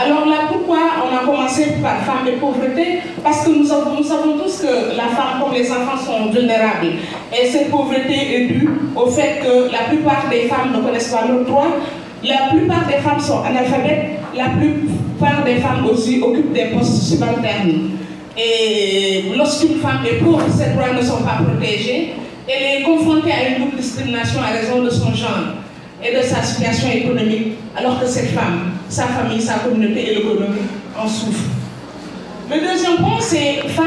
Alors là, pourquoi on a commencé par femme de pauvreté Parce que nous savons, tous que la femme comme les enfants sont vulnérables. Et cette pauvreté est due au fait que la plupart des femmes ne connaissent pas leurs droits, la plupart des femmes sont analphabètes, la plus, par des femmes aussi occupent des postes subalternes. Et lorsqu'une femme est pauvre, ses droits ne sont pas protégés. Elle est confrontée à une double discrimination à raison de son genre et de sa situation économique, alors que cette femme, sa famille, sa communauté et l'économie en souffrent. Le deuxième point, c'est femmes,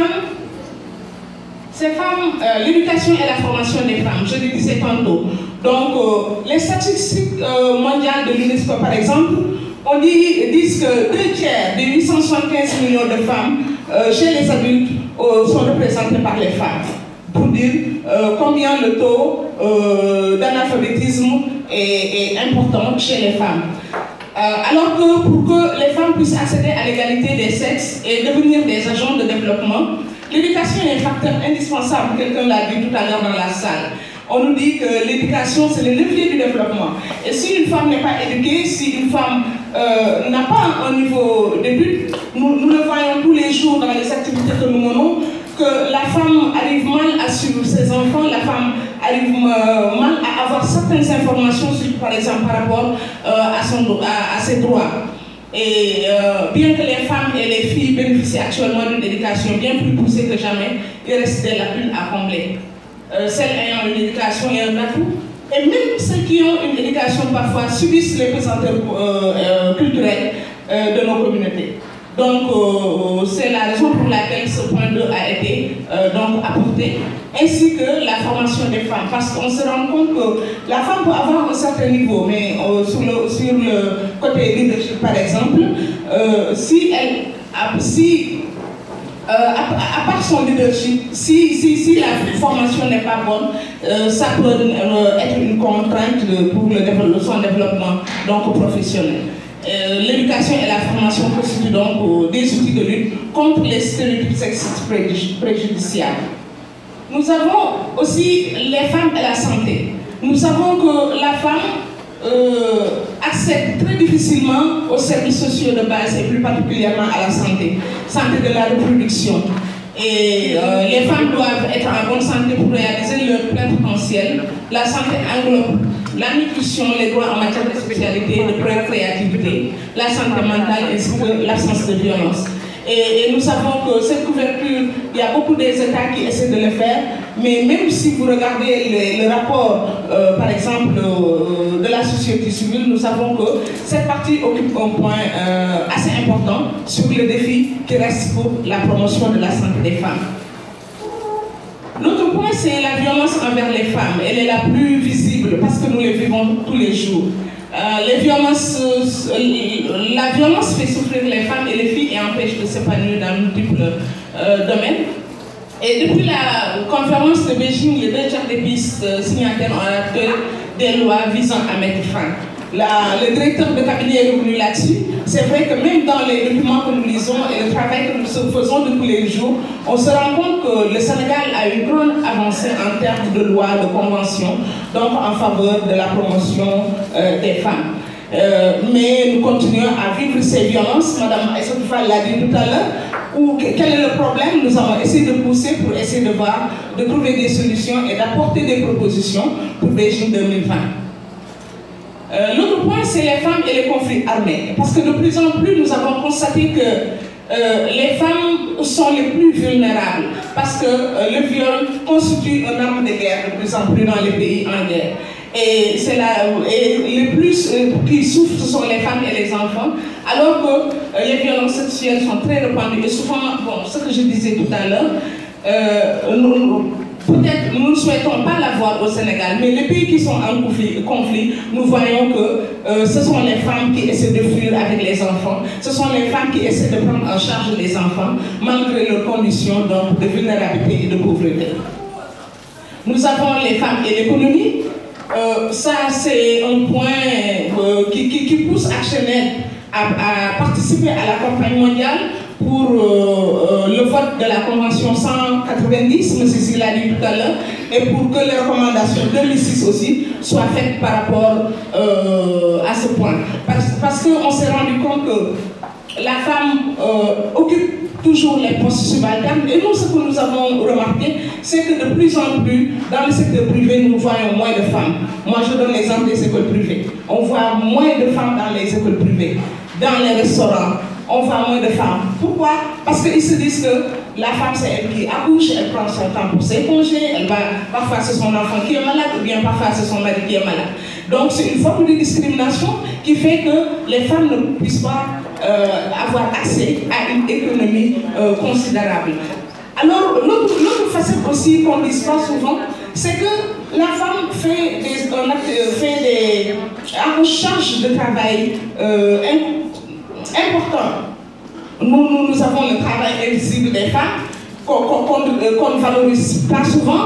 ces femmes, euh, l'éducation et la formation des femmes, je le disais tantôt. Donc, euh, les statistiques euh, mondiales de l'UNESCO, par exemple, on dit, disent que deux tiers des 875 millions de femmes euh, chez les adultes euh, sont représentées par les femmes. Pour dire euh, combien le taux d'analphabétisme est, est, important chez les femmes. alors que pour que les femmes puissent accéder à l'égalité des sexes et devenir des agents de développement, l'éducation est un facteur indispensable, quelqu'un l'a dit tout à l'heure dans la salle on nous dit que l'éducation, c'est le levier du développement. Et si une femme n'est pas éduquée, si une femme euh, n'a pas un niveau de but. Nous, le voyons tous les jours dans les activités que nous menons, que la femme arrive mal à suivre ses enfants, la femme arrive euh, mal à avoir certaines informations, par exemple par rapport euh, à, son, à, ses droits. Et bien que les femmes et les filles bénéficient actuellement d'une éducation bien plus poussée que jamais, il reste la lacunes à combler. celle celles ayant une éducation et un atout, et même ceux qui ont une éducation parfois subissent les pesanteurs euh, culturelles euh, de nos communautés. Donc euh, c'est la raison pour laquelle ce point 2 a été donc apporté, ainsi que la formation des femmes, parce qu'on se rend compte que la femme peut avoir un certain niveau, mais sur le, côté leadership par exemple, si elle si euh, à, part son leadership, si, si, si la formation n'est pas bonne, euh, ça peut euh, être une contrainte pour le son développement donc, professionnel. L'éducation et la formation constituent donc des outils de lutte contre les stéréotypes sexistes préjudiciables. Nous avons aussi les femmes et la santé. Nous savons que la femme acceptent euh, accèdent très difficilement aux services sociaux de base et plus particulièrement à la santé, santé de la reproduction. Et euh, les femmes doivent être en bonne santé pour réaliser leur plein potentiel. La santé englobe la nutrition, les droits en matière de sexualité, de créativité la santé mentale ainsi que l'absence de violence. Et, nous savons que cette couverture, il y a beaucoup d'États qui essaient de le faire, mais même si vous regardez le rapport, euh, par exemple, euh, de la société civile, nous savons que cette partie occupe un point euh, assez important sur le défi qui reste pour la promotion de la santé des femmes. L'autre point, c'est la violence envers les femmes. Elle est la plus visible parce que nous le vivons tous les jours. Euh, euh, la violence fait souffrir les femmes et les filles et empêche de s'épanouir dans multiples euh, domaines. Et depuis la conférence de Beijing, les deux tiers des pistes signataires ont adopté des lois visant à mettre fin. La, le directeur de cabinet est revenu là-dessus. C'est vrai que même dans les documents que nous lisons et le travail que nous faisons de tous les jours, on se rend compte que le Sénégal a une grande avancée en termes de loi, de convention, donc en faveur de la promotion euh, des femmes. Euh, mais nous continuons à vivre ces violences. Madame est l'a dit tout à l'heure. Ou quel est le problème Nous avons essayé de pousser pour essayer de voir, de trouver des solutions et d'apporter des propositions pour le régime 2020. Euh, l'autre point, c'est les femmes et les conflits armés. Parce que de plus en plus, nous avons constaté que euh, les femmes sont les plus vulnérables. Parce que euh, le viol constitue un arme de guerre de plus en plus dans les pays en guerre. Et, c'est les plus qui souffrent, ce sont les femmes et les enfants, alors que les violences sexuelles sont très répandues. Et souvent, bon, ce que je disais tout à l'heure, nous... Peut-être nous ne souhaitons pas la voir au Sénégal, mais les pays qui sont en conflit, nous voyons que euh, ce sont les femmes qui essaient de fuir avec les enfants, ce sont les femmes qui essaient de prendre en charge les enfants, malgré leurs conditions de vulnérabilité et de pauvreté. Nous avons les femmes et l'économie. Euh, ça, c'est un point euh, qui, pousse HNL à participer à la campagne mondiale pour euh, euh, le vote de la Convention 190, M. l'a a dit tout à l'heure, et pour que les recommandations 2006 aussi soient faites par rapport euh, à ce point. Parce, qu'on s'est rendu compte que la femme occupe toujours les postes subalternes. Et nous, ce que nous avons remarqué, c'est que de plus en plus, dans le secteur privé, nous voyons moins de femmes. Moi, je donne l'exemple des écoles privées. On voit moins de femmes dans les écoles privées, dans les restaurants, on voit moins de femmes. Pourquoi Parce qu'ils se disent que la femme, c'est elle qui accouche, elle prend son temps pour ses congés, elle va, parfois c'est son enfant qui est malade ou bien parfois c'est son mari qui est malade. Donc c'est une forme de discrimination qui fait que les femmes ne puissent pas euh, avoir accès à une économie euh, considérable. Alors l'autre facette aussi qu'on ne dit pas souvent, c'est que la femme fait des, euh, fait des, une de travail euh, important. Nous, nous, avons le travail invisible des femmes qu'on euh, ne valorise pas souvent.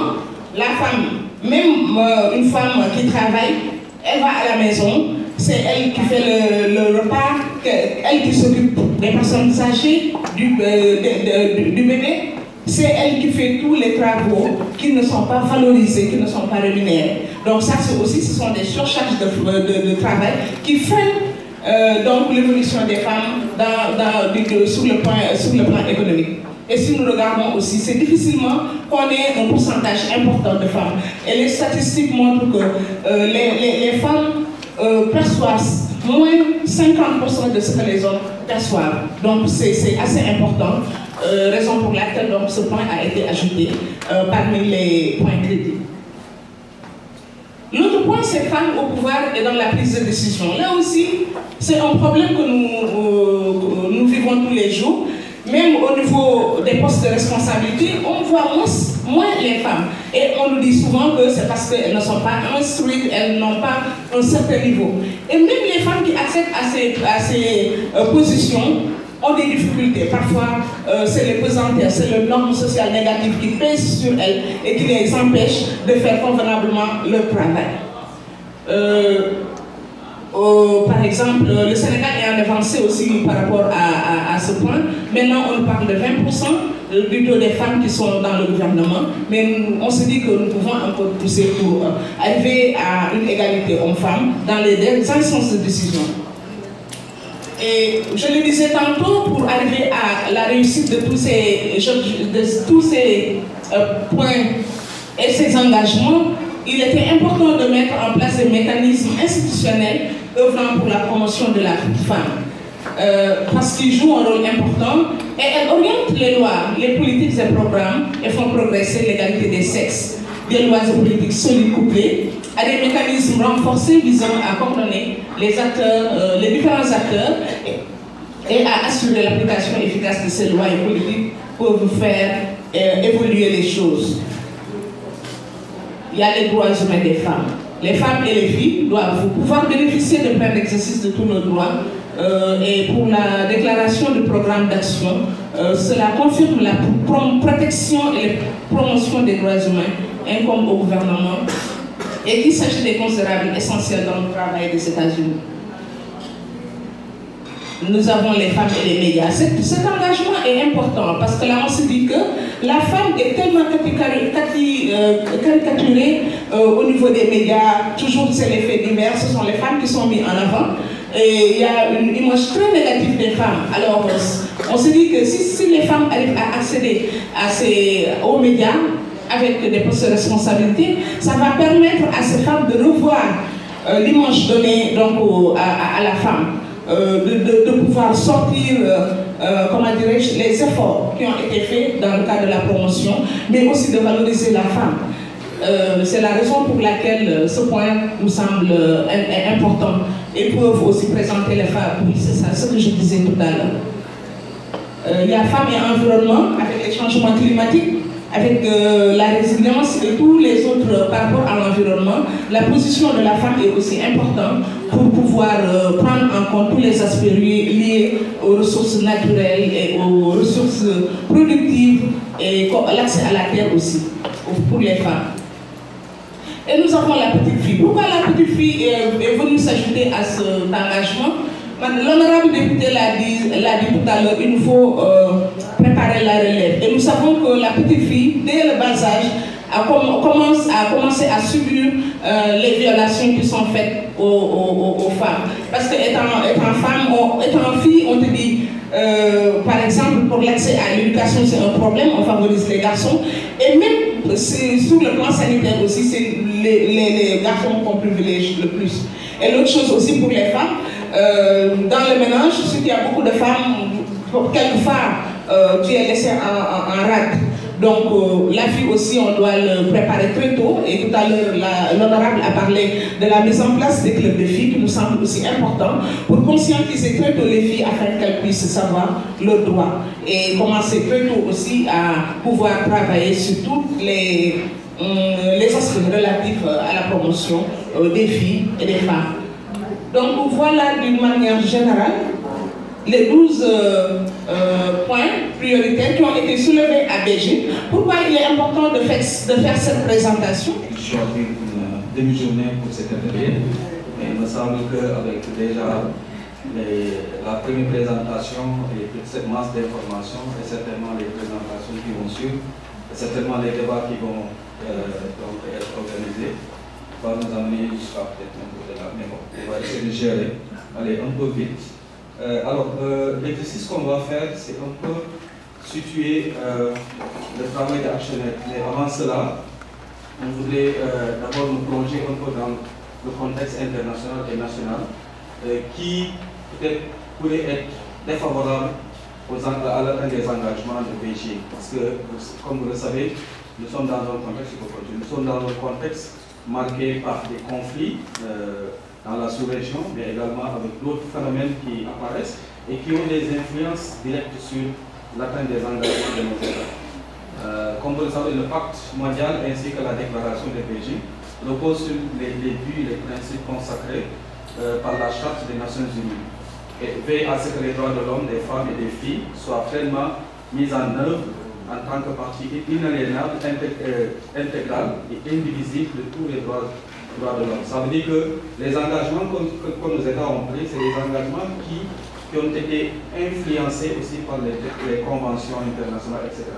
La femme, même euh, une femme qui travaille, elle va à la maison, c'est elle qui fait le, repas, elle qui s'occupe des personnes âgées, euh, du, du bébé. C'est elle qui fait tous les travaux qui ne sont pas valorisés, qui ne sont pas rémunérés. Donc ça aussi, ce sont des surcharges de, de travail qui font euh, donc l'évolution des femmes euh, sur, le plan économique. Et si nous regardons aussi, c'est difficilement qu'on ait un pourcentage important de femmes. Et les statistiques montrent que euh, les, femmes perçoivent moins 50% de ce que les hommes perçoivent. Donc c'est assez important, raison pour laquelle donc, ce point a été ajouté parmi les points critiques point ces femmes au pouvoir et dans la prise de décision. Là aussi, c'est un problème que nous, euh, nous, vivons tous les jours. Même au niveau des postes de responsabilité, on voit moins, les femmes. Et on nous dit souvent que c'est parce qu'elles ne sont pas instruites, elles n'ont pas un certain niveau. Et même les femmes qui acceptent à ces, ces euh, positions, ont des difficultés. Parfois, euh, c'est les pesanteurs, c'est le norme social négatif qui pèse sur elles et qui les empêche de faire convenablement leur travail. Euh, oh, par exemple, euh, le Sénégal est en avancée aussi par rapport à, à, ce point. Maintenant, on parle de 20% plutôt des femmes qui sont dans le gouvernement, mais on se dit que nous pouvons encore pousser pour euh, arriver à une égalité hommes-femmes dans les instances de décision. Et je le disais tantôt, pour arriver à la réussite de tous ces, de tous ces points et ces engagements, il était important de mettre en place des mécanismes institutionnels œuvrant pour la promotion de la femme. Euh, parce qu'ils jouent un rôle important et elles orientent les lois, les politiques et programmes et font progresser l'égalité des sexes. Des lois et politiques solides couplées à des mécanismes renforcés visant à coordonner les acteurs, euh, les différents acteurs et, à assurer l'application efficace de ces lois et politiques pour vous faire euh, évoluer les choses il y a les droits humains des femmes. Les femmes et les filles doivent pouvoir bénéficier de plein d'exercices de tous nos droits. Euh, et pour la déclaration du programme d'action, euh, cela confirme la protection et la promotion des droits humains incombe hein, au gouvernement et qu'il s'agit des considérables essentiels dans le travail des États-Unis nous avons les femmes et les médias. Cet, engagement est important parce que là, on se dit que la femme est tellement euh, caricaturée euh, au niveau des médias. Toujours, c'est l'effet du divers, ce sont les femmes qui sont mises en avant. Et il y a une image très négative des femmes. Alors, on se dit que si, les femmes arrivent à accéder aux médias avec des postes de responsabilité, ça va permettre à ces femmes de revoir euh, l'image donnée donc, à la femme. Euh, de, pouvoir sortir, euh, euh, comment les efforts qui ont été faits dans le cadre de la promotion, mais aussi de valoriser la femme. c'est la raison pour laquelle ce point nous semble important et peuvent aussi présenter les femmes. Oui, c'est ça, ce que je disais tout à l'heure. il y a femmes et environnement avec les changements climatiques, avec la résilience et tous les autres par rapport à l'environnement, la position de la femme est aussi importante pour pouvoir euh, prendre en compte tous les aspects liés aux ressources naturelles et aux ressources productives et l'accès à la terre aussi pour les femmes. Et nous avons la petite fille. Pourquoi la petite fille est, venue s'ajouter à cet engagement L'honorable député l'a dit, tout à l'heure, il nous faut euh, préparer la relève. Et nous savons que la petite fille, dès le bas âge, a, commence, a commencé à subir euh, les violations qui sont faites aux, femmes. Parce que étant, étant femme, étant fille, on te dit, euh, par exemple, pour l'accès à l'éducation, c'est un problème, on favorise les garçons. Et même sur le plan sanitaire aussi, c'est les, les, garçons qu'on privilégie le plus. Et l'autre chose aussi pour les femmes, euh, dans le ménage, je qu'il y a beaucoup de femmes, pour quelques femmes, euh, qui est laissée en, en, en rade. Donc euh, la vie aussi, on doit le préparer très tôt. Et tout à l'heure, l'honorable a parlé de la mise en place des clubs de filles qui nous semble aussi important pour conscientiser très tôt les filles afin qu'elles puissent savoir leurs droits. Et commencer très tôt aussi à pouvoir travailler sur toutes les, euh, les aspects relatifs euh, à la promotion des filles et des femmes. Donc voilà d'une manière générale les 12 euh, euh, points prioritaires qui ont été soulevés à Beijing. Pourquoi il est important de faire, cette présentation Je suis en une euh, demi-journée pour cette atelier. Mais il me semble qu'avec déjà la première présentation et toute cette masse d'informations, et certainement les présentations qui vont suivre, et certainement les débats qui vont être organisés, va nous amener jusqu'à peut-être un peu de là. Mais bon, on va essayer de gérer. Allez, un peu vite. Euh, alors, euh, l'exercice qu'on va faire, c'est un peu situer euh, le travail de Mais avant cela, on voulait euh, d'abord nous plonger un peu dans le contexte international et national qui peut-être pourrait être défavorable aux à l'atteinte des engagements de BG. Parce que, comme vous le savez, nous sommes dans un contexte nous sommes dans un contexte marqué par des conflits dans la sous-région, mais également avec d'autres phénomènes qui apparaissent et qui ont des influences directes sur l'atteinte des engagements de nos États. comme vous le savez, le pacte mondial ainsi que la déclaration de Beijing reposent sur les, débuts et les principes consacrés euh, par la Charte des Nations Unies et veille à ce que les droits de l'homme, des femmes et des filles soient pleinement mis en œuvre en tant que partie inaliénable, euh, intégrale et indivisible de tous les droits ça veut dire que les engagements que, nos États ont pris, c'est des engagements qui, ont été influencés aussi par les, conventions internationales, etc.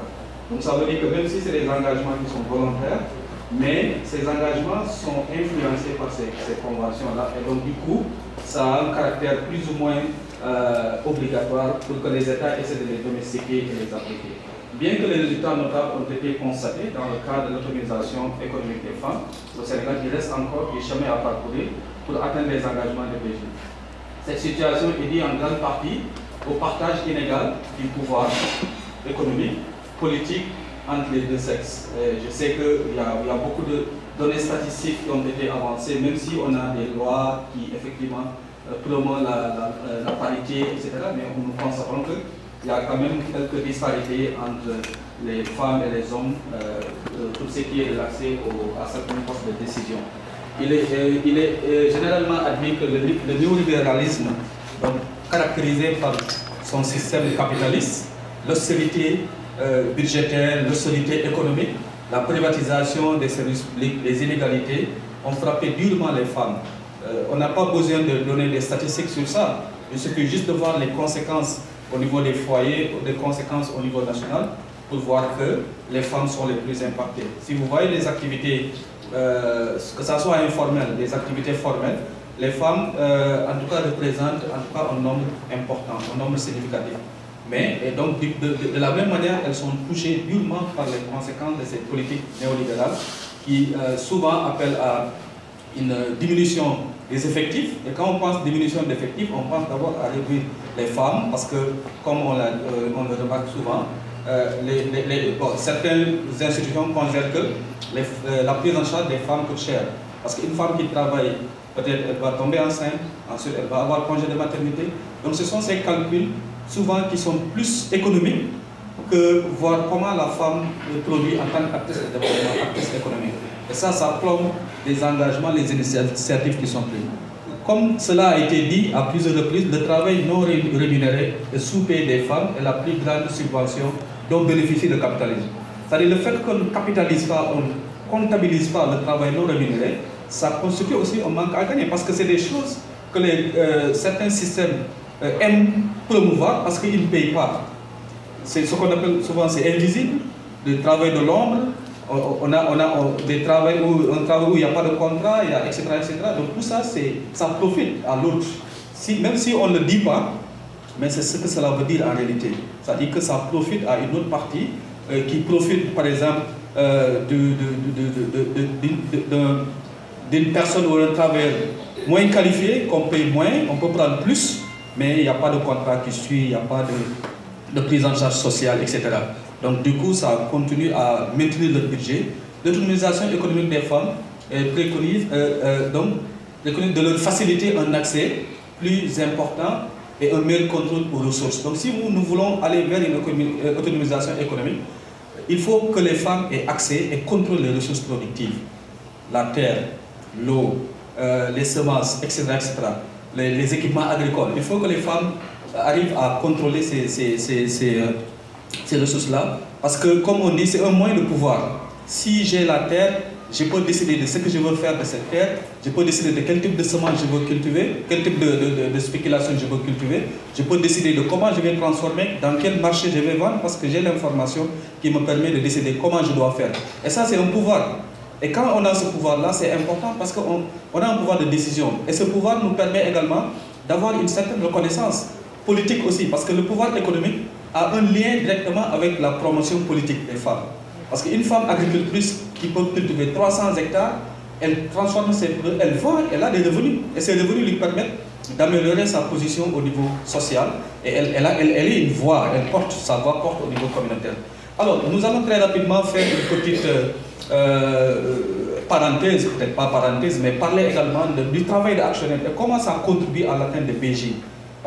Donc ça veut dire que même si c'est des engagements qui sont volontaires, mais ces engagements sont influencés par ces, conventions-là. Et donc du coup, ça a un caractère plus ou moins euh, obligatoire pour que les États essaient de les domestiquer et les appliquer. Bien que les résultats notables ont été constatés dans le cadre de l'autonomisation économique des femmes, au Sénégal, il reste encore des jamais à parcourir pour atteindre les engagements de BG. Cette situation est liée en grande partie au partage inégal du pouvoir économique, politique entre les deux sexes. je sais qu'il y, a beaucoup de données statistiques qui ont été avancées, même si on a des lois qui effectivement euh, promeuvent la, euh, parité, etc. Mais nous constatons que il y a quand même quelques disparités entre les femmes et les hommes, euh, euh, tout ce qui est l'accès à certains postes de décision. Il est, euh, il est généralement admis que le, néolibéralisme, donc, caractérisé par son système capitaliste, l'austérité budgétaire, l'austérité économique, la privatisation des services publics, les inégalités, ont frappé durement les femmes. on n'a pas besoin de donner des statistiques sur ça, il suffit juste de voir les conséquences au niveau des foyers, des conséquences au niveau national, pour voir que les femmes sont les plus impactées. Si vous voyez les activités, euh, que ce soit informelles, les activités formelles, les femmes, euh, en tout cas, représentent en tout cas, un nombre important, un nombre significatif. Mais, et donc, de, la même manière, elles sont touchées durement par les conséquences de cette politique néolibérale qui euh, souvent appelle à une diminution les effectifs. Et quand on pense diminution d'effectifs, on pense d'abord à réduire les femmes, parce que, comme on, euh, le remarque souvent, euh, certaines institutions considèrent que euh, la prise en charge des femmes coûte cher. Parce qu'une femme qui travaille, peut-être elle va tomber enceinte, ensuite elle va avoir congé de maternité. Donc ce sont ces calculs, souvent, qui sont plus économiques que voir comment la femme produit en tant qu'actrice économique. Et ça, ça plombe les engagements, les initiatives qui sont prises. Comme cela a été dit à plusieurs reprises, le travail non rémunéré et sous-payé des femmes est la plus grande subvention dont bénéficie le capitalisme. C'est-à-dire le fait qu'on ne capitalise pas, on ne comptabilise pas le travail non rémunéré, ça constitue aussi un manque à gagner parce que c'est des choses que les, euh, certains systèmes euh, aiment promouvoir parce qu'ils ne payent pas. C'est ce qu'on appelle souvent c'est invisible, le travail de l'ombre, on a, on des travaux où, un travail où il n'y a pas de contrat, il y a, etc., etc. Donc tout ça, ça profite à l'autre. Si, même si on ne le dit pas, mais c'est ce que cela veut dire en réalité. Ça dit que ça profite à une autre partie euh, qui profite, par exemple, de d'une personne ou d'un travail moins qualifié, qu'on paye moins, on peut prendre plus, mais il n'y a pas de contrat qui suit, il n'y a pas de de prise en charge sociale, etc. Donc du coup, ça continue à maintenir le budget. L'autonomisation économique des femmes préconise euh, euh, donc de leur faciliter un accès plus important et un meilleur contrôle aux ressources. Donc si nous, nous voulons aller vers une euh, autonomisation économique, il faut que les femmes aient accès et contrôlent les ressources productives, la terre, l'eau, les semences, etc., etc. les équipements agricoles. Il faut que les femmes arrive à contrôler ces, ces, ces, euh, ces ressources-là. Parce que, comme on dit, c'est un moyen de pouvoir. Si j'ai la terre, je peux décider de ce que je veux faire de cette terre, je peux décider de quel type de semence je veux cultiver, quel type de, de, spéculation je veux cultiver, je peux décider de comment je vais transformer, dans quel marché je vais vendre, parce que j'ai l'information qui me permet de décider comment je dois faire. Et ça, c'est un pouvoir. Et quand on a ce pouvoir-là, c'est important parce qu'on on a un pouvoir de décision. Et ce pouvoir nous permet également d'avoir une certaine reconnaissance politique aussi, parce que le pouvoir économique a un lien directement avec la promotion politique des femmes. Parce qu'une femme agricultrice qui peut cultiver 300 hectares, elle transforme ses produits, elle voit, elle a des revenus. Et ces revenus lui permettent d'améliorer sa position au niveau social. Et elle, elle, a, elle, est une voix, elle porte, sa voix porte au niveau communautaire. Alors, nous allons très rapidement faire une petite euh, euh, parenthèse, peut-être pas parenthèse, mais parler également de, du travail d'actionnaire et comment ça contribue à l'atteinte de Beijing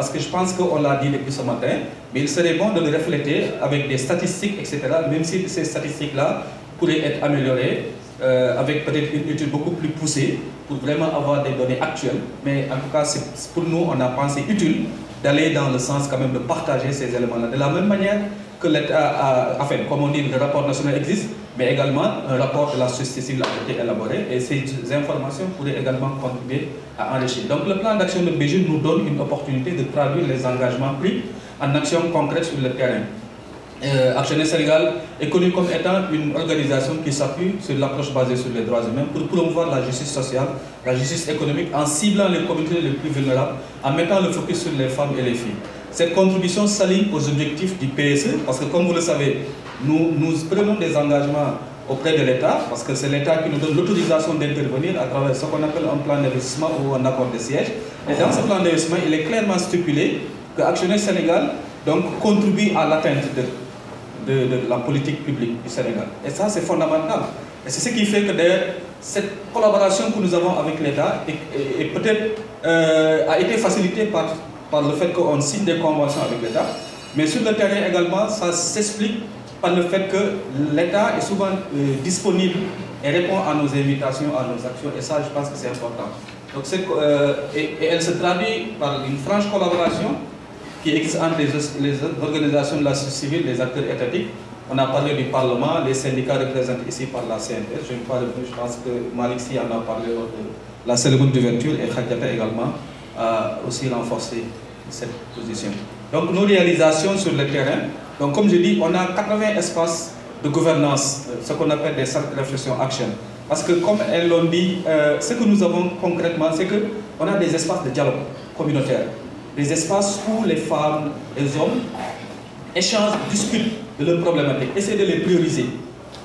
parce que je pense qu'on l'a dit depuis ce matin, mais il serait bon de le refléter avec des statistiques, etc., même si ces statistiques-là pourraient être améliorées euh, avec peut-être une étude beaucoup plus poussée pour vraiment avoir des données actuelles. Mais en tout cas, pour nous, on a pensé utile d'aller dans le sens quand même de partager ces éléments-là. De la même manière, que l'État enfin, comme on dit, le rapport national existe, mais également un rapport de la société civile a été élaboré et ces informations pourraient également contribuer à enrichir. Donc le plan d'action de BG nous donne une opportunité de traduire les engagements pris en actions concrètes sur le terrain. Euh, Action Sénégal est connue comme étant une organisation qui s'appuie sur l'approche basée sur les droits humains pour promouvoir la justice sociale, la justice économique en ciblant les communautés les plus vulnérables, en mettant le focus sur les femmes et les filles. Cette contribution s'aligne aux objectifs du PSE, parce que comme vous le savez, nous, nous prenons des engagements auprès de l'État, parce que c'est l'État qui nous donne l'autorisation d'intervenir à travers ce qu'on appelle un plan d'investissement ou un accord de siège. Et dans ce plan d'investissement, il est clairement stipulé que Actionnaire Sénégal donc, contribue à l'atteinte de, de, la politique publique du Sénégal. Et ça, c'est fondamental. Et c'est ce qui fait que cette collaboration que nous avons avec l'État est, peut-être euh, a été facilitée par par le fait qu'on signe des conventions avec l'État, mais sur le terrain également, ça s'explique par le fait que l'État est souvent euh, disponible et répond à nos invitations, à nos actions, et ça, je pense que c'est important. Donc, euh, et, elle se traduit par une franche collaboration qui existe entre les, organisations de la société civile, les acteurs étatiques. On a parlé du Parlement, les syndicats représentés ici par la CNS. Je pense que Malik en a parlé lors de la cérémonie d'ouverture et Khadjata également aussi renforcer cette position. Donc nos réalisations sur le terrain, donc comme je dis, on a 80 espaces de gouvernance, euh, ce qu'on appelle des cercles de réflexion action. Parce que comme elles l'ont dit, euh, ce que nous avons concrètement, c'est qu'on a des espaces de dialogue communautaire, des espaces où les femmes, les hommes échangent, discutent de leurs problématiques, essaient de les prioriser.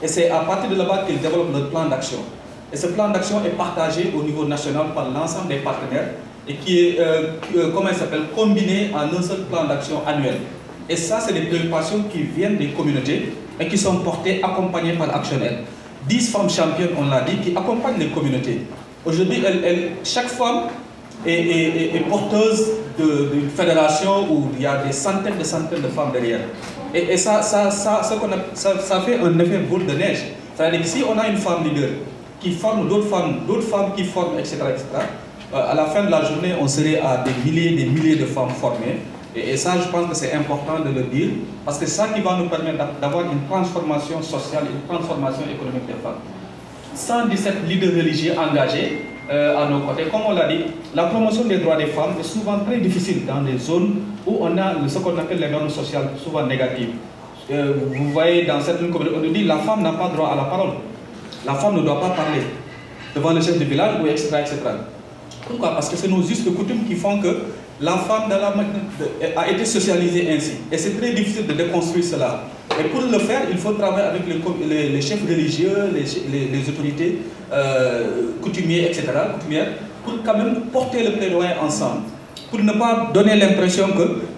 Et c'est à partir de là-bas qu'ils développent notre plan d'action. Et ce plan d'action est partagé au niveau national par l'ensemble des partenaires et qui est, euh, euh, comment il s'appelle, combiné en un seul plan d'action annuel. Et ça, c'est des préoccupations qui viennent des communautés et qui sont portées, accompagnées par l'actionnaire. 10 femmes championnes, on l'a dit, qui accompagnent les communautés. Aujourd'hui, chaque femme est, porteuse d'une fédération où il y a des centaines de centaines de femmes derrière. Et, ça, ça, ça, ça, ça fait un effet boule de neige. C'est-à-dire que si on a une femme leader qui forme d'autres femmes, d'autres femmes qui forment, etc., etc., euh, à la fin de la journée, on serait à des milliers et des milliers de femmes formées. Et, ça, je pense que c'est important de le dire, parce que c'est ça qui va nous permettre d'avoir une transformation sociale, une transformation économique des femmes. 117 leaders religieux engagés euh, à nos côtés. Comme on l'a dit, la promotion des droits des femmes est souvent très difficile dans des zones où on a ce qu'on appelle les normes sociales, souvent négatives. Euh, vous voyez, dans certaines communautés, on nous dit la femme n'a pas droit à la parole. La femme ne doit pas parler devant le chef du village, ou etc. etc. Pourquoi Parce que c'est nos justes coutumes qui font que la femme a été socialisée ainsi. Et c'est très difficile de déconstruire cela. Et pour le faire, il faut travailler avec les, chefs religieux, les, autorités euh, coutumières, etc., pour quand même porter le plaidoyer ensemble. Pour ne pas donner l'impression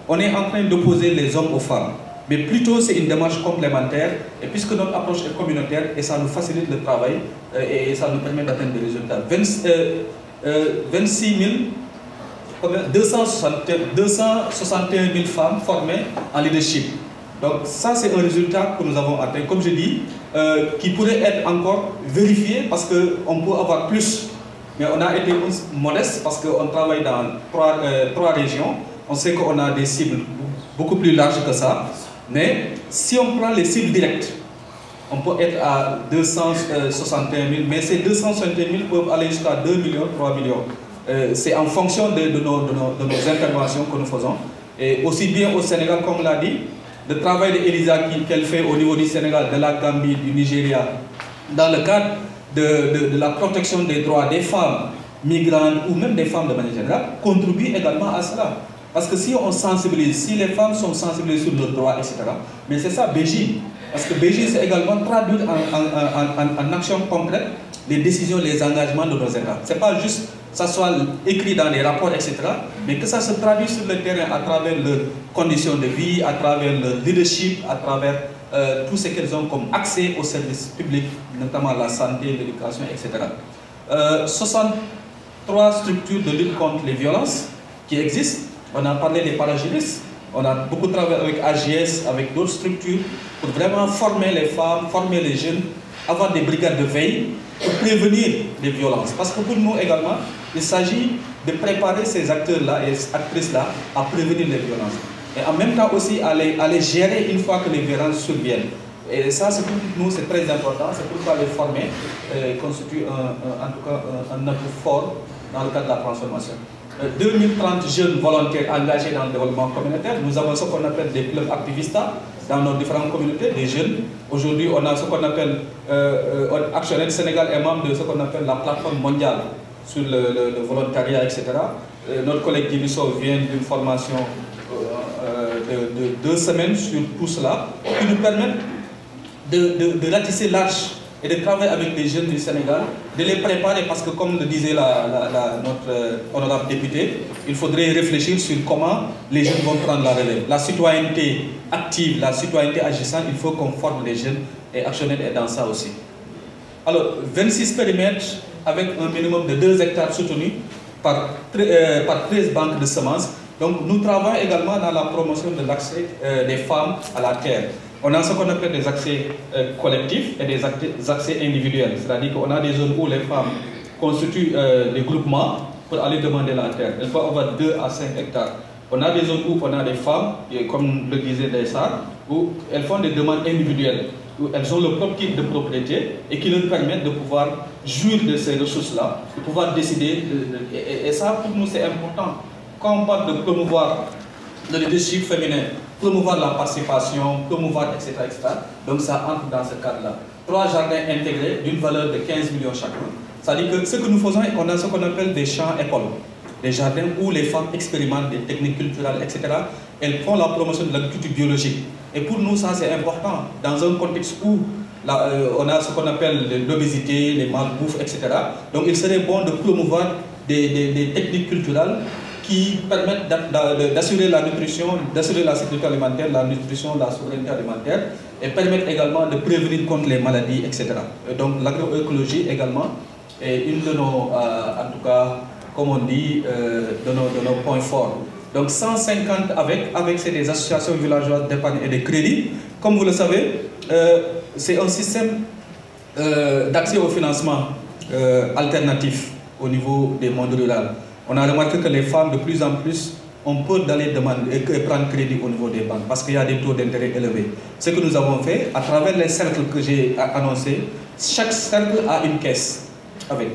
qu'on est en train d'opposer les hommes aux femmes. Mais plutôt, c'est une démarche complémentaire, et puisque notre approche est communautaire, et ça nous facilite le travail, euh, et, ça nous permet d'atteindre des résultats. Euh, 26 000 261 000 femmes formées en leadership. Donc ça, c'est un résultat que nous avons atteint, comme je dis, euh, qui pourrait être encore vérifié parce qu'on peut avoir plus. Mais on a été modeste parce qu'on travaille dans trois, euh, trois, régions. On sait qu'on a des cibles beaucoup plus larges que ça. Mais si on prend les cibles directes, on peut être à 261 000, mais ces 261 000 peuvent aller jusqu'à 2 millions, 3 millions. Euh, c'est en fonction de, nos, interventions que nous faisons. Et aussi bien au Sénégal, comme l'a dit, le travail d'Elisa qu'elle fait au niveau du Sénégal, de la Gambie, du Nigeria, dans le cadre de, la protection des droits des femmes migrantes ou même des femmes de manière générale, contribue également à cela. Parce que si on sensibilise, si les femmes sont sensibilisées sur leurs droits, etc., mais c'est ça, Belgique. Parce que BG, c'est également traduit en, action concrète les décisions, les engagements de nos États. Ce n'est pas juste que ça soit écrit dans les rapports, etc., mais que ça se traduise sur le terrain à travers les conditions de vie, à travers le leadership, à travers euh, tout ce qu'elles ont comme accès aux services publics, notamment la santé, l'éducation, etc. Euh, 63 structures de lutte contre les violences qui existent. On a parlé des parajuristes, on a beaucoup travaillé avec AGS, avec d'autres structures, pour vraiment former les femmes, former les jeunes, avoir des brigades de veille pour prévenir les violences. Parce que pour nous également, il s'agit de préparer ces acteurs-là et ces actrices-là à prévenir les violences. Et en même temps aussi à les, gérer une fois que les violences surviennent. Et ça, c'est pour nous, c'est très important. C'est pourquoi les former euh, constitue un, en tout cas un, un fort dans le cadre de la transformation. 2030 jeunes volontaires engagés dans le développement communautaire. Nous avons ce qu'on appelle des clubs activistes dans nos différentes communautés, des jeunes. Aujourd'hui, on a ce qu'on appelle, euh, euh Actionnel Sénégal est membre de ce qu'on appelle la plateforme mondiale sur le, volontariat, etc. Euh, notre collègue vient d'une formation euh, de, deux semaines sur tout cela, qui nous permet de, de, de ratisser l'arche et de travailler avec les jeunes du Sénégal, de les préparer parce que comme le disait notre euh, honorable député, il faudrait réfléchir sur comment les jeunes vont prendre la relève. La citoyenneté active, la citoyenneté agissante, il faut qu'on forme les jeunes et actionner dans ça aussi. Alors, 26 périmètres avec un minimum de 2 hectares soutenus par, euh, par 13 banques de semences. Donc, nous travaillons également dans la promotion de l'accès euh, des femmes à la terre. On a ce qu'on appelle des accès euh, collectifs et des accès individuels. C'est-à-dire qu'on a des zones où les femmes constituent euh, des groupements pour aller demander la terre. Elles peuvent avoir 2 à 5 hectares. On a des zones où on a des femmes, comme le disait d'Essa, où elles font des demandes individuelles, où elles ont le propre type de propriété et qui leur permettent de pouvoir jouir de ces ressources-là, de pouvoir décider. et, et ça, pour nous, c'est important. Quand on parle de promouvoir le leadership féminin, promouvoir la participation, promouvoir, etc., Donc ça entre dans ce cadre-là. Trois jardins intégrés d'une valeur de 15 millions chacun. Ça à dire que ce que nous faisons, on a ce qu'on appelle des champs écoles, des jardins où les femmes expérimentent des techniques culturelles, etc. Elles font la promotion de l'agriculture biologique. Et pour nous, ça c'est important, dans un contexte où euh, on a ce qu'on appelle l'obésité, les malbouffes, etc. Donc il serait bon de promouvoir des, des techniques culturelles qui permettent d'assurer la nutrition, d'assurer la sécurité alimentaire, la nutrition, la souveraineté alimentaire et permettent également de prévenir contre les maladies, etc. donc l'agroécologie également est une de nos, euh, en tout cas, comme on dit, euh, de, nos, de, nos, points forts. Donc 150 avec, avec c'est des associations villageoises d'épargne et de crédit. Comme vous le savez, euh, c'est un système d'accès au financement alternatif au niveau des mondes ruraux on a remarqué que les femmes, de plus en plus, ont peur d'aller demander et prendre crédit au niveau des banques parce qu'il y a des taux d'intérêt élevés. Ce que nous avons fait, à travers les cercles que j'ai annoncés, chaque cercle a une caisse avec.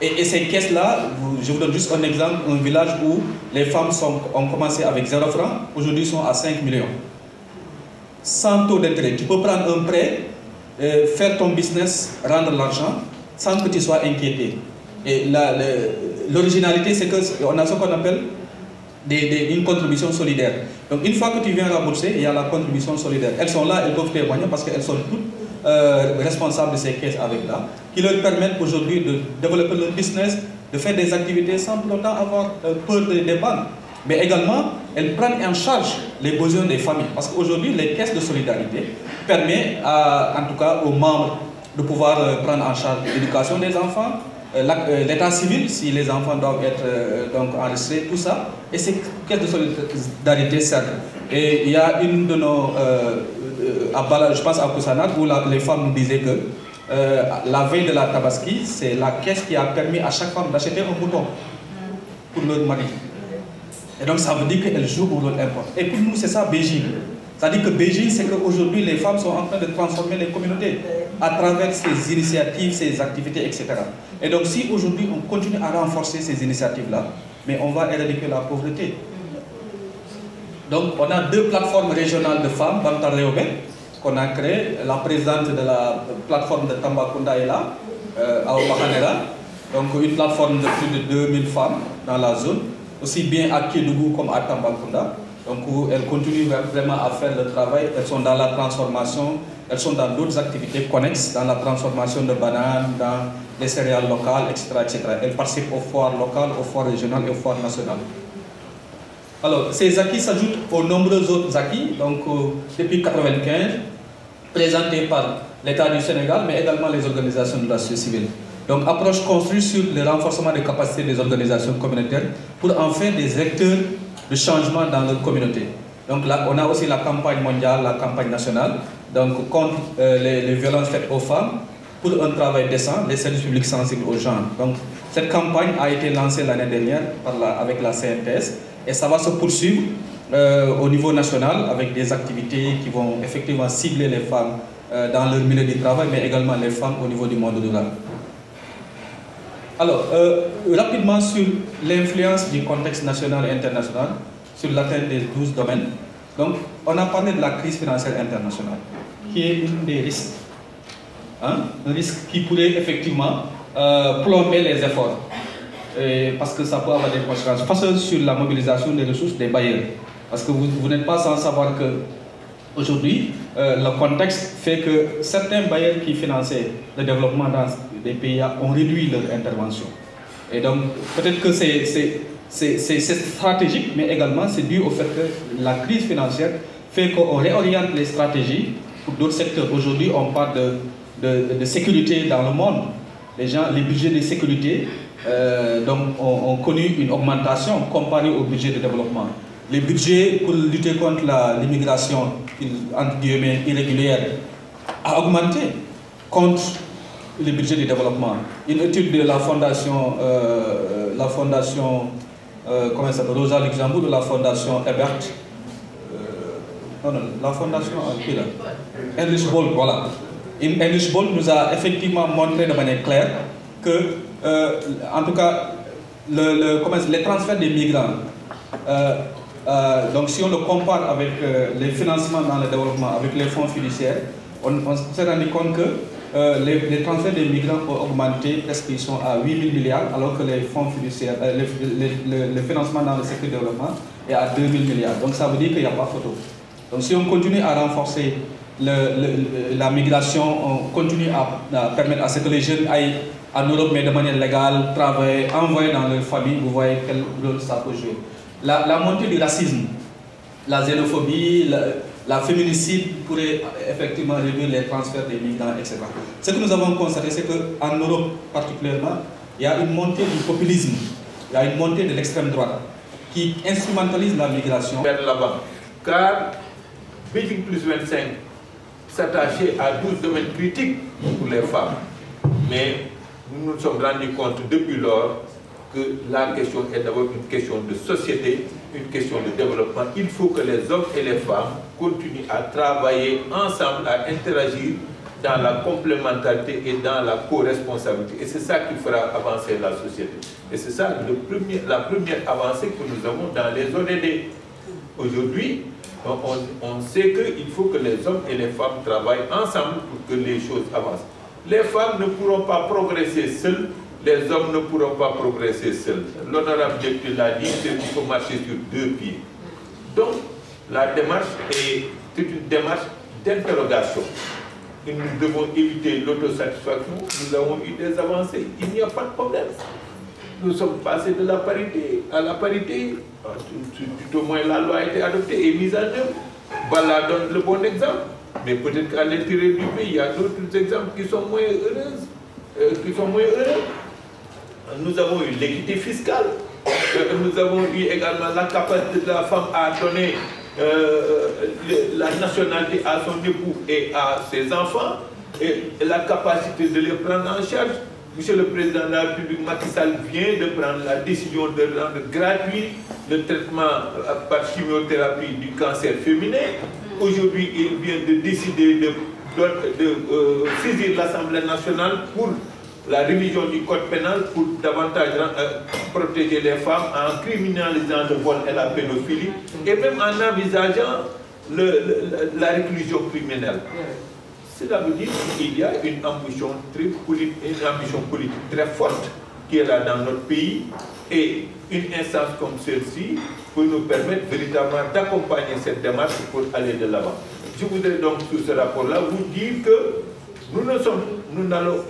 et, ces caisses-là, je vous donne juste un exemple, un village où les femmes ont commencé avec 0 francs, aujourd'hui sont à 5 millions. Sans taux d'intérêt, tu peux prendre un prêt, euh, faire ton business, rendre l'argent, sans que tu sois inquiété. Et l'originalité, c'est qu'on a ce qu'on appelle une contribution solidaire. Donc une fois que tu viens rembourser, il y a la contribution solidaire. Elles sont là, elles peuvent témoigner parce qu'elles sont toutes euh, responsables de ces caisses avec là, qui leur permettent aujourd'hui de développer leur business, de faire des activités sans pour autant avoir euh, peur des, banques. Mais également, elles prennent en charge les besoins des familles. Parce qu'aujourd'hui, les caisses de solidarité permettent en tout cas aux membres de pouvoir euh, prendre en charge l'éducation des enfants, euh, euh, l'état civil, si les enfants doivent être euh, donc enregistrés, tout ça. Et c'est quelle de solidarité certes. Et il y a une de nos, je pense à Koussanat, où les femmes nous disaient que la veille de la tabaski, c'est la caisse qui a permis à chaque femme d'acheter un bouton pour leur mari. Et donc ça veut dire qu'elle joue pour rôle important. Et pour nous, c'est ça Beijing. Ça dit que Beijing, c'est qu'aujourd'hui, les femmes sont en train de transformer les communautés à travers ces initiatives, ces activités, etc. Et donc si aujourd'hui on continue à renforcer ces initiatives-là, mais on va éradiquer la pauvreté. Donc on a deux plateformes régionales de femmes, Bantaréobé, qu'on a créées. La présidente de la plateforme de Tambacounda est là, à euh, Opahanera. Donc une plateforme de plus de 2000 femmes dans la zone, aussi bien à Kédougou comme à Tambacounda. Donc elles continuent vraiment à faire le travail, elles sont dans la transformation, elles sont dans d'autres activités connexes, dans la transformation de bananes, dans les céréales locales, etc. etc. Elles participent aux foires locales, aux foires régionales et aux foires nationales. Alors ces acquis s'ajoutent aux nombreux autres acquis, donc euh, depuis 1995, présentés par l'État du Sénégal, mais également les organisations de la société civile. Donc approche construite sur le renforcement des capacités des organisations communautaires pour en faire des acteurs le changement dans notre communauté. Donc là, on a aussi la campagne mondiale, la campagne nationale, donc contre euh, les, violences faites aux femmes, pour un travail décent, les services publics sensibles aux gens. Donc cette campagne a été lancée l'année dernière par avec la CNPS et ça va se poursuivre euh, au niveau national avec des activités qui vont effectivement cibler les femmes euh, dans leur milieu du travail, mais également les femmes au niveau du monde rural. Alors, euh, euh, rapidement sur l'influence du contexte national et international sur l'atteinte des 12 domaines. Donc, on a parlé de la crise financière internationale, qui est une des risques. Hein, un risque qui pourrait effectivement euh, plomber les efforts, parce que ça peut avoir des conséquences face sur la mobilisation des ressources des bailleurs. Parce que vous, n'êtes pas sans savoir que aujourd'hui, le contexte fait que certains bailleurs qui finançaient le développement dans des pays, ont réduit leur intervention. Et donc, peut-être que c'est stratégique, mais également c'est dû au fait que la crise financière fait qu'on réoriente les stratégies pour d'autres secteurs. Aujourd'hui, on parle de, sécurité dans le monde. Les gens, les budgets de sécurité euh, donc, ont, connu une augmentation comparée au budget de développement. Les budgets pour lutter contre l'immigration, irrégulière, a augmenté contre le budget du développement. Une étude de la fondation, euh, euh, la fondation euh, comment ça s'appelle, Rosa Luxembourg, de la fondation Ebert, non, non, la fondation qui là Enrich Boll, voilà. Enrich Boll nous a effectivement montré de manière claire que, en tout cas, les transferts des migrants, donc si on le compare avec les financements dans le développement, avec les fonds fiduciaires, on, on s'est rendu compte que euh, les, transferts des migrants ont augmenté parce qu'ils sont à 8 000 milliards, alors que les fonds fiduciaires, euh, le, financement dans le secteur développement est à 2 000 milliards. Donc ça veut dire qu'il n'y a pas photo. Donc si on continue à renforcer la migration, on continue à, permettre à ce que les jeunes aillent en Europe, mais de manière légale, travailler, envoyer dans leur famille, vous voyez quel rôle ça peut jouer. La, la montée du racisme, la xénophobie, la, la féminicide pourrait euh, effectivement réduire les transferts des migrants, etc. Ce que nous avons constaté, c'est qu'en Europe particulièrement, il y a une montée du populisme, il y a une montée de l'extrême droite qui instrumentalise la migration. car Beijing plus 25 s'attachait à 12 domaines critiques pour les femmes. Mais nous nous sommes rendus compte depuis lors que la question est d'abord une question de société une question de développement, il faut que les hommes et les femmes continuent à travailler ensemble, à interagir dans la complémentarité et dans la co-responsabilité. Et c'est ça qui fera avancer la société. Et c'est ça le premier, la première avancée que nous avons dans les ODD. Aujourd'hui, on, on, sait qu'il faut que les hommes et les femmes travaillent ensemble pour que les choses avancent. Les femmes ne pourront pas progresser seules les hommes ne pourront pas progresser seuls. L'honorable Dieu l'a dit, c'est qu'il faut marcher sur deux pieds. Donc, la démarche est, une démarche d'interrogation. nous devons éviter l'autosatisfaction. Nous avons eu des avancées. Il n'y a pas de problème. Nous sommes passés de la parité à la parité. Ah, tout, au moins, la loi a été adoptée et mise en œuvre. Voilà donne le bon exemple. Mais peut-être qu'à l'intérieur du pays, il y a d'autres exemples qui sont moins heureuses, euh, qui sont moins heureux nous avons eu l'équité fiscale, euh, nous avons eu également la capacité de la femme à donner euh, euh, la nationalité à son époux et à ses enfants, et la capacité de les prendre en charge. Monsieur le Président de la République, Macky vient de prendre la décision de rendre gratuit le traitement par chimiothérapie du cancer féminin. Aujourd'hui, il vient de décider de, de, saisir l'Assemblée nationale pour la révision du code pénal pour davantage euh, protéger les femmes en criminalisant le vol et la pédophilie et même en envisageant le, la réclusion criminelle. Cela veut dire qu'il y a une ambition, politique, une ambition politique très forte qui est là dans notre pays et une instance comme celle-ci peut nous permettre véritablement d'accompagner cette démarche pour aller de l'avant. Je voudrais donc, sur ce rapport-là, vous dire que nous, ne sommes, nous, allons,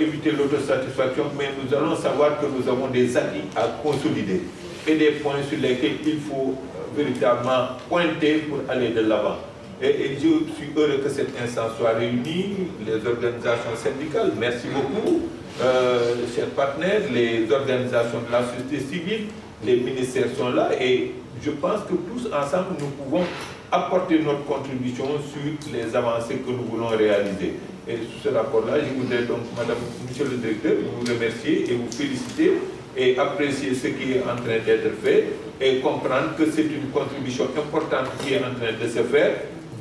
éviter l'autosatisfaction, mais nous allons savoir que nous avons des acquis à consolider et des points sur lesquels il faut euh, véritablement pointer pour aller de l'avant. Et, je suis heureux que cette instance soit réunie, les organisations syndicales, merci beaucoup, euh, chers partenaires, les organisations de la société civile, les ministères sont là et je pense que tous ensemble, nous pouvons apporter notre contribution sur les avancées que nous voulons réaliser. Et sur ce rapport là je voudrais donc, Madame, Monsieur le Directeur, vous remercier et vous féliciter et apprécier ce qui est en train d'être fait et comprendre que c'est une contribution importante qui est en train de se faire.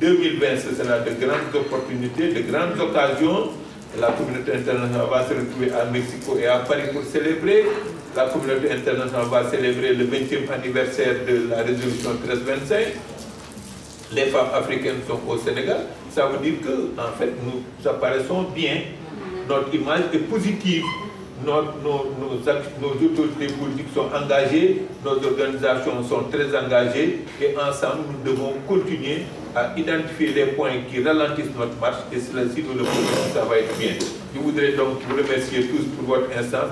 2020, ce sera de grandes opportunités, de grandes occasions. La communauté internationale va se retrouver à Mexico et à Paris pour célébrer la communauté internationale va célébrer le 20e anniversaire de la résolution 1325. Les femmes africaines sont au Sénégal. Ça veut dire que, en fait, nous apparaissons bien. Notre image est positive. nos, nos, nos autorités politiques sont engagées, nos organisations sont très engagées et ensemble, nous devons continuer à identifier les points qui ralentissent notre marche et cela, si nous le faisons, ça va être bien. Je voudrais donc vous remercier tous pour votre instance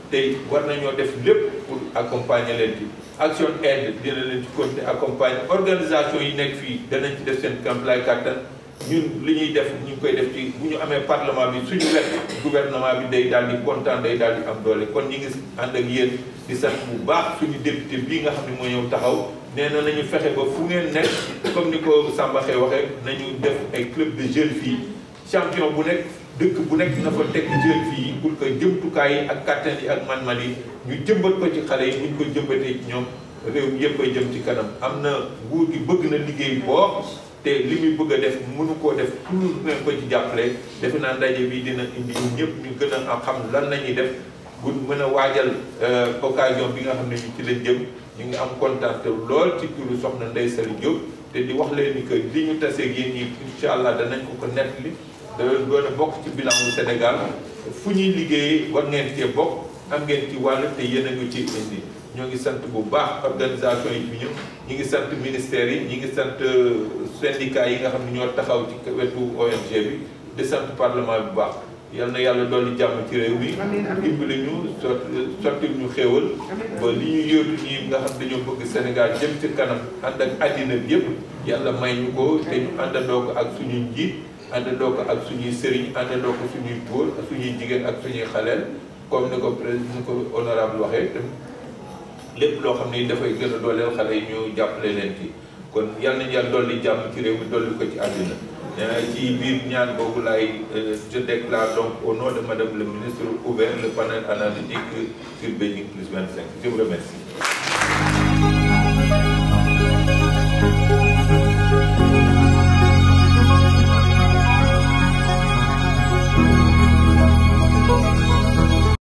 tey war nañoo def lépp pour accompagner leen ci action aide dina leen ci continuer accompagner organisation yi nekk fii danañ ci def seen camp lay kàttan ñun li ñuy def ñu ngi koy def ci bu ñu amee parlement bi suñu wet gouvernement bi day daal di kontaan day daal di am doole kon ñu ngi ànd ak yéen di sant bu baax suñu député bii nga xam ne moo ñëw taxaw nee na nañu fexe ba fu ngeen nekk comme ni ko Samba Xeye waxee nañu def ay club de jeunes fii champion bu nekk dëkk bu nekk na fa teg jël fii pour que jëmtukaay yi ak kàttan yi ak man-man yi ñu jëmbat ko ci xare yi buñ ko jëmbatee ci ñoom réew mi yëpp ay jëm ci kanam am na nguur gi bëgg na liggéey boo te li muy bëgg a def mënu koo def toujours même ko ci jàppale defe naa ndaje bii dina indi ñëpp ñu gën am xam lan la ñuy def bu mën a waajal euh, occasion bi nga xam ne ñu ci leen jëm ñu ngi am kontaan te lool ci turu soxna Ndeye Saly Diop te di wax leen ni que li ñu taseeg yéen ñi incha allah danañ ko ko nettali da leen gën a bokk ci bilan bu Sénégal fu ñuy liggéey war ngeen cee bokk am ngeen ci wàll te yéen a ci indi ñoo ngi sant bu baax organisation yi fi ñëw ñi ngi sant ministères yi ñi ngi sant euh, syndicats yi nga xam ne ñoo taxaw ci wetu ONG bi di sant parlement bu baax yal na yàlla dolli jàmm ci réew mi dimbali ñu sotti ñu xéewal ba li ñu yóotu ñi nga xam dañoo bëgg Sénégal jëm ci kanam ànd ak àddina bi yëpp yàlla may ñu ko te ñu àndandoo ko ak suñu njiit àndandoo ko ak suñuy sëriñ àndandoo ko suñuy góor ak suñuy jigéen ak suñuy xaleel comme ni ko président ko honorable waxee tam lépp loo xam ni dafay gën a dooleel xale yi ñu jàppale leen ci kon yal nañu yàlla dolli jàmm ci réew mi dolli ko ci àddina ci biir ñaan boobu laay euh, je déclare donc au nom de madame le ministre ouvert le panel analytique sur Beijing plus 25 je vous remercie